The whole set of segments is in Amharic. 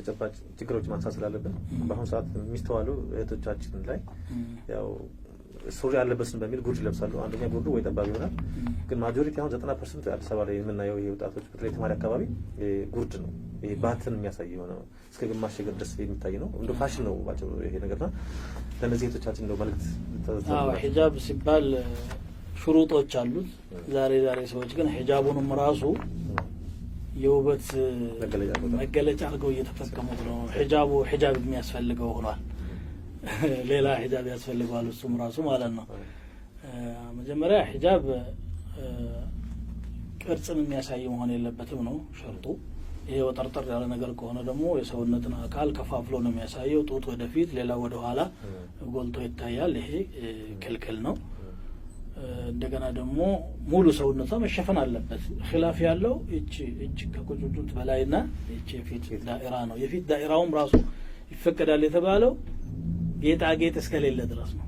ተጨባጭ ችግሮች ማንሳት ስላለብን በአሁኑ ሰዓት የሚስተዋሉ እህቶቻችን ላይ ያው ሱሪ አለበስን በሚል ጉርድ ይለብሳሉ። አንደኛ ጉርዱ ወይ ጠባብ ይሆናል፣ ግን ማጆሪቲ አሁን ዘጠና ፐርሰንት አዲስ አበባ ላይ የምናየው ይሄ ወጣቶች በተለይ ተማሪ አካባቢ ጉርድ ነው። ይሄ ባትን የሚያሳይ የሆነ እስከ ግማሽ እግር ድረስ የሚታይ ነው። እንደ ፋሽን ነው ባጭሩ ይሄ ነገርና ለእነዚህ እህቶቻችን እንደው መልዕክት ሂጃብ ሲባል ሹሩጦች አሉት። ዛሬ ዛሬ ሰዎች ግን ሂጃቡንም ራሱ የውበት መገለጫ አድርገው እየተጠቀሙ ነው። ሒጃቡ ሒጃብ የሚያስፈልገው ሆኗል። ሌላ ሒጃብ ያስፈልገዋል እሱም ራሱ ማለት ነው። መጀመሪያ ሒጃብ ቅርጽን የሚያሳይ መሆን የለበትም ነው ሸርጡ። ይሄ ወጠርጠር ያለ ነገር ከሆነ ደግሞ የሰውነትን አካል ከፋፍሎ ነው የሚያሳየው። ጡት ወደፊት፣ ሌላ ወደኋላ ጎልቶ ይታያል። ይሄ ክልክል ነው። እንደገና ደግሞ ሙሉ ሰውነቷ መሸፈን አለበት። ኪላፍ ያለው እቺ እጅ ከቁጭምጭምት በላይና እቺ የፊት ዳኢራ ነው። የፊት ዳኢራውም ራሱ ይፈቀዳል የተባለው ጌጣጌጥ እስከሌለ ድረስ ነው፣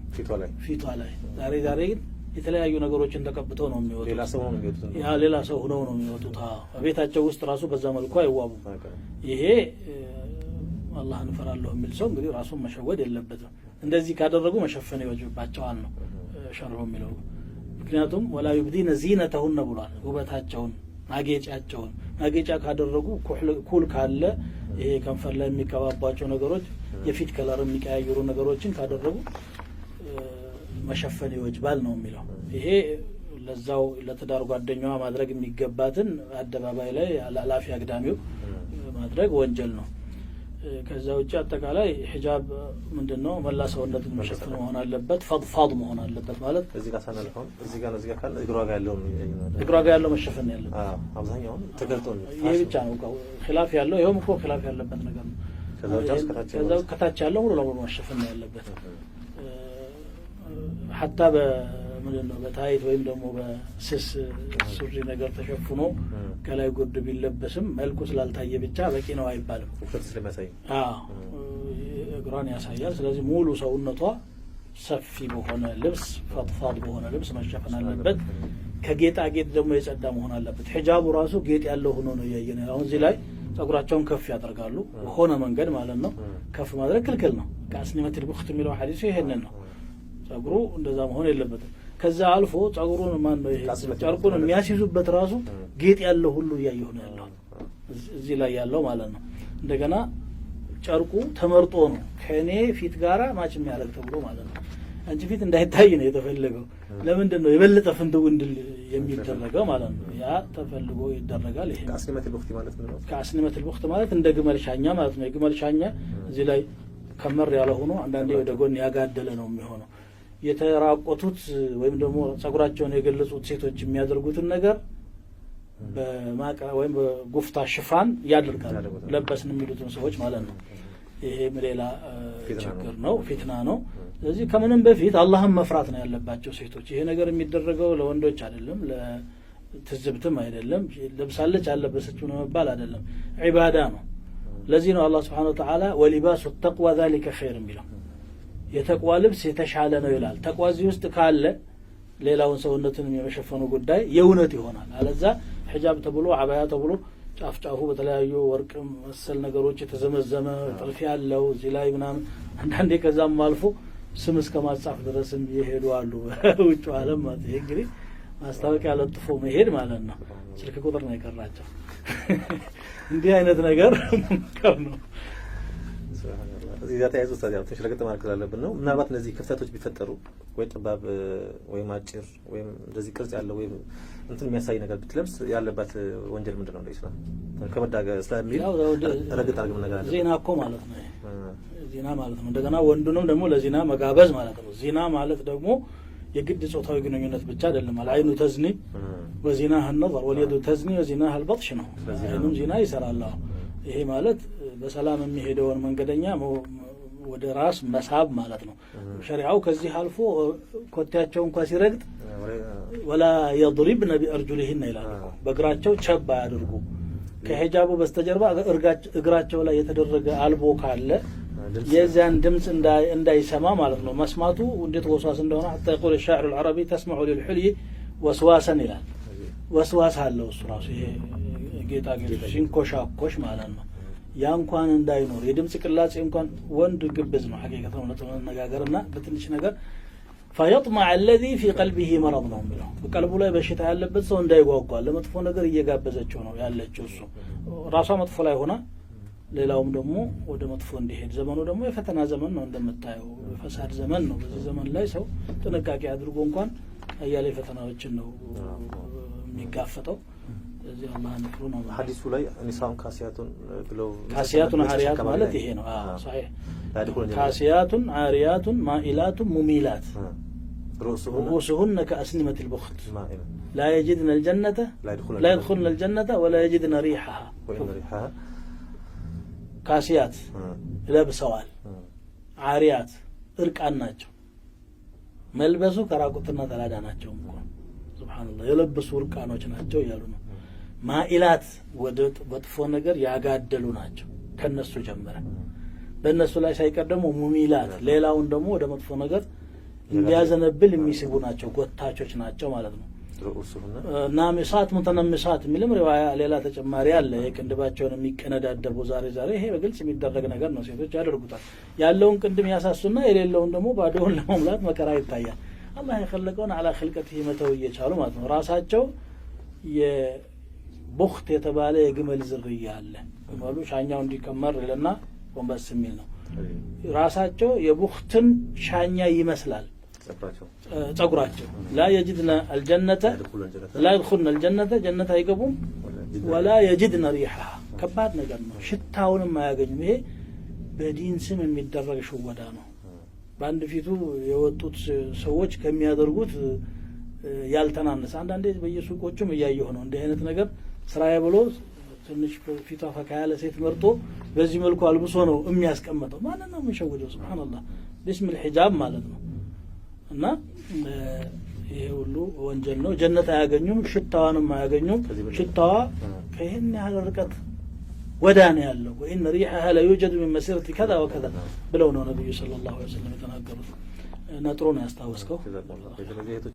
ፊቷ ላይ። ዛሬ ዛሬ ግን የተለያዩ ነገሮችን ተቀብተው ነው የሚወጡት። ሌላ ሰው ሆነው ነው የሚወጡት። በቤታቸው ውስጥ ራሱ በዛ መልኩ አይዋቡም። ይሄ አላህ እንፈራለሁ የሚል ሰው እንግዲህ ራሱን መሸወድ የለበትም። እንደዚህ ካደረጉ መሸፈን ይወጅባቸዋል ነው ሸርሁ የሚለው ምክንያቱም ወላ ዩብዲነ ዚነተሁነ ብሏል። ውበታቸውን ማጌጫቸውን ማጌጫ ካደረጉ ኩል ካለ ይሄ ከንፈር ላይ የሚቀባባቸው ነገሮች፣ የፊት ከለር የሚቀያየሩ ነገሮችን ካደረጉ መሸፈን ይወጅባል ነው የሚለው ይሄ ለዛው ለትዳር ጓደኛዋ ማድረግ የሚገባትን አደባባይ ላይ ላፊ አግዳሚው ማድረግ ወንጀል ነው። ከዛ ውጭ አጠቃላይ ሂጃብ ምንድን ነው? መላ ሰውነትን መሸፍን መሆን አለበት። ፈድፋድ መሆን አለበት ማለት እግሯ ጋ ያለው መሸፈን ያለበት ይህ ብቻ ነው። ኪላፍ ያለው ይኸውም እኮ ኪላፍ ያለበት ነገር ነው። ከዛ ከታች ያለው ሙሉ ለሙሉ መሸፈን ያለበት ሀታ ምንድን ነው በታይት ወይም ደግሞ በስስ ሱሪ ነገር ተሸፍኖ ከላይ ጉርድ ቢለበስም መልኩ ስላልታየ ብቻ በቂ ነው አይባልም። እግሯን ያሳያል። ስለዚህ ሙሉ ሰውነቷ ሰፊ በሆነ ልብስ ፈጥፋት በሆነ ልብስ መሸፈን አለበት። ከጌጣጌጥ ደግሞ የጸዳ መሆን አለበት። ሂጃቡ ራሱ ጌጥ ያለው ሆኖ ነው እያየ አሁን እዚህ ላይ ጸጉራቸውን ከፍ ያደርጋሉ፣ በሆነ መንገድ ማለት ነው። ከፍ ማድረግ ክልክል ነው። ከአስኒመት ልቡክት የሚለው ሀዲሱ ይሄንን ነው። ጸጉሩ እንደዛ መሆን የለበትም። ከዛ አልፎ ጸጉሩን ማን ነው ጨርቁን የሚያስይዙበት ራሱ ጌጥ ያለው ሁሉ እያየሁ ነው ያለው እዚህ ላይ ያለው ማለት ነው። እንደገና ጨርቁ ተመርጦ ነው ከእኔ ፊት ጋራ ማች የሚያደርግ ተብሎ ማለት ነው። አንቺ ፊት እንዳይታይ ነው የተፈለገው። ለምንድን ነው የበለጠ ፍንድው እንድል የሚደረገው ማለት ነው። ያ ተፈልጎ ይደረጋል። ይሄ ከአስኒመት ልቡክት ማለት እንደ ግመል ሻኛ ማለት ነው። የግመል ሻኛ እዚህ ላይ ከመር ያለ ሆኖ አንዳንዴ ወደ ጎን ያጋደለ ነው የሚሆነው። የተራቆቱት ወይም ደግሞ ጸጉራቸውን የገለጹት ሴቶች የሚያደርጉትን ነገር በማቅ ወይም በጉፍታ ሽፋን ያደርጋል። ለበስን የሚሉትን ሰዎች ማለት ነው። ይሄም ሌላ ችግር ነው፣ ፊትና ነው። ስለዚህ ከምንም በፊት አላህን መፍራት ነው ያለባቸው ሴቶች። ይሄ ነገር የሚደረገው ለወንዶች አይደለም፣ ለትዝብትም አይደለም፣ ለብሳለች አለበሰችው ነው መባል አይደለም፣ ዒባዳ ነው። ለዚህ ነው አላህ ስብሓነሁ ወተዓላ ወሊባሱ ተቅዋ ዛሊከ ኸይር የሚለው የተቋ ልብስ የተሻለ ነው ይላል። ተቋ እዚህ ውስጥ ካለ ሌላውን ሰውነትን የመሸፈኑ ጉዳይ የእውነት ይሆናል። አለዛ ሕጃብ ተብሎ አባያ ተብሎ ጫፍ ጫፉ በተለያዩ ወርቅ መሰል ነገሮች የተዘመዘመ ጥልፍ ያለው እዚህ ላይ ምናምን አንዳንዴ ከዛም አልፎ ስም እስከ ማጻፍ ድረስም የሄዱ አሉ። ውጭ ዓለም ማለት ይሄ እንግዲህ ማስታወቂያ ለጥፎ መሄድ ማለት ነው። ስልክ ቁጥር ነው የቀራቸው። እንዲህ አይነት ነገር ሙከር ነው። እዚህ ጋር ተያይዞ ስታዚ ትንሽ ረገጥ ማድረግ ስላለብን ነው። ምናልባት እነዚህ ክፍተቶች ቢፈጠሩ ወይ ጥባብ ወይም አጭር ወይም እንደዚህ ቅርጽ ያለው ወይም እንትን የሚያሳይ ነገር ብትለብስ ያለባት ወንጀል ምንድን ነው? እንደ ከመዳገ ስለሚል ረገጥ አድርግ ነገር አለ። ዜና እኮ ማለት ነው፣ ዜና ማለት ነው። እንደገና ወንዱንም ደግሞ ለዜና መጋበዝ ማለት ነው። ዜና ማለት ደግሞ የግድ ጾታዊ ግንኙነት ብቻ አይደለም። አልአይኑ ተዝኒ ወዜና ሀነር ወልየዱ ተዝኒ ወዜና ሀልበጥሽ ነው። አይኑም ዜና ይሰራለሁ ይሄ ማለት በሰላም የሚሄደውን መንገደኛ ወደ ራስ መሳብ ማለት ነው። ሸሪዓው ከዚህ አልፎ ኮቴያቸው እንኳ ሲረግጥ ወላ ነቢ ቢአርጁሊሂነ ይላል። በእግራቸው ቸብ አያድርጉ። ከሂጃቡ በስተጀርባ እግራቸው ላይ የተደረገ አልቦ ካለ የዚያን ድምፅ እንዳይሰማ ማለት ነው። መስማቱ እንዴት ወስዋስ እንደሆነ ሐታ የቁል ሻዕሩ ልዓረቢ ተስመዑ ልልሑልይ ወስዋሰን ይላል። ወስዋስ አለው እሱ ራሱ ይሄ ጌጣጌጦች ሲንኮሻኮሽ ማለት ነው። ያ እንኳን እንዳይኖር የድምፅ ቅላጼ እንኳን ወንድ ግብዝ ነው ሐቂቀት ነው ለመነጋገር እና በትንሽ ነገር ፈየጥመዕ አለዚ ፊ ቀልቢሂ መረድ ነው የሚለው በቀልቡ ላይ በሽታ ያለበት ሰው እንዳይጓጓ ለመጥፎ ነገር እየጋበዘችው ነው ያለችው። እሱ ራሷ መጥፎ ላይ ሆና ሌላውም ደግሞ ወደ መጥፎ እንዲሄድ ዘመኑ ደግሞ የፈተና ዘመን ነው እንደምታየው፣ የፈሳድ ዘመን ነው። በዚህ ዘመን ላይ ሰው ጥንቃቄ አድርጎ እንኳን አያሌ ፈተናዎችን ነው የሚጋፈጠው። ሐዲሱ ላይ ኒሳም ካሲያቱን ብለው ካሲያቱን አሪያት ማለት ይሄ ነው። ካሲያቱን አሪያቱን ማኢላቱን ሙሚላት ሩኡሱሁነ ከአስኒመት ልቡክት ላ ልጀነተ ላ ልጀነተ ወላ ሪሓሃ ካሲያት ለብሰዋል። አሪያት እርቃን ናቸው። መልበሱ ከራቁትና ተላዳ ናቸው። ሱብሓነላህ የለበሱ እርቃኖች ናቸው እያሉ ነው። ማኢላት ወደ መጥፎ ነገር ያጋደሉ ናቸው። ከነሱ ጀመረ። በእነሱ ላይ ሳይቀር ደግሞ ሙሚላት፣ ሌላውን ደግሞ ወደ መጥፎ ነገር እንዲያዘነብል የሚስቡ ናቸው፣ ጎታቾች ናቸው ማለት ነው። ናሚሳት ሙተነሚሳት የሚልም ሪዋያ ሌላ ተጨማሪ አለ። የቅንድባቸውን የሚቀነዳደቡ ዛሬ ዛሬ ይሄ በግልጽ የሚደረግ ነገር ነው። ሴቶች ያደርጉታል። ያለውን ቅንድም ያሳሱና የሌለውን ደግሞ ባዶውን ለመሙላት መከራ ይታያል። አላህ የፈለቀውን አላ ክልቀት መተው እየቻሉ ማለት ነው ራሳቸው ቡክት የተባለ የግመል ዝርያ አለ። ግመሉ ሻኛው እንዲከመር ይልና ጎንበስ የሚል ነው። ራሳቸው የቡክትን ሻኛ ይመስላል ጸጉራቸው። ላ የጅድና አልጀነተ ላ የድኹልና አልጀነተ ጀነት አይገቡም። ወላ የጅድነ ሪሓ ከባድ ነገር ነው። ሽታውንም አያገኙም። ይሄ በዲን ስም የሚደረግ ሽወዳ ነው። በአንድ ፊቱ የወጡት ሰዎች ከሚያደርጉት ያልተናነሰ አንዳንዴ በየሱቆቹም እያየሁ ነው እንዲህ አይነት ነገር ስራዬ ብሎ ትንሽ ፊቷ ፈካ ያለ ሴት መርጦ በዚህ መልኩ አልብሶ ነው የሚያስቀምጠው። ማንን ነው የምንሸውደው? ስብሓንላህ ቢስሚል ሒጃብ ማለት ነው። እና ይሄ ሁሉ ወንጀል ነው። ጀነት አያገኙም፣ ሽታዋንም አያገኙም። ሽታዋ ከይህን ያህል ርቀት ወዳ ነው ያለው። ወኢነ ሪሐሃ ለዩጀድ ሚን መሲረቲ ከዛ ወከዛ ብለው ነው ነቢዩ ሰለላሁ ዐለይሂ ወሰለም የተናገሩት። ነጥሮ ነው ያስታወስከው።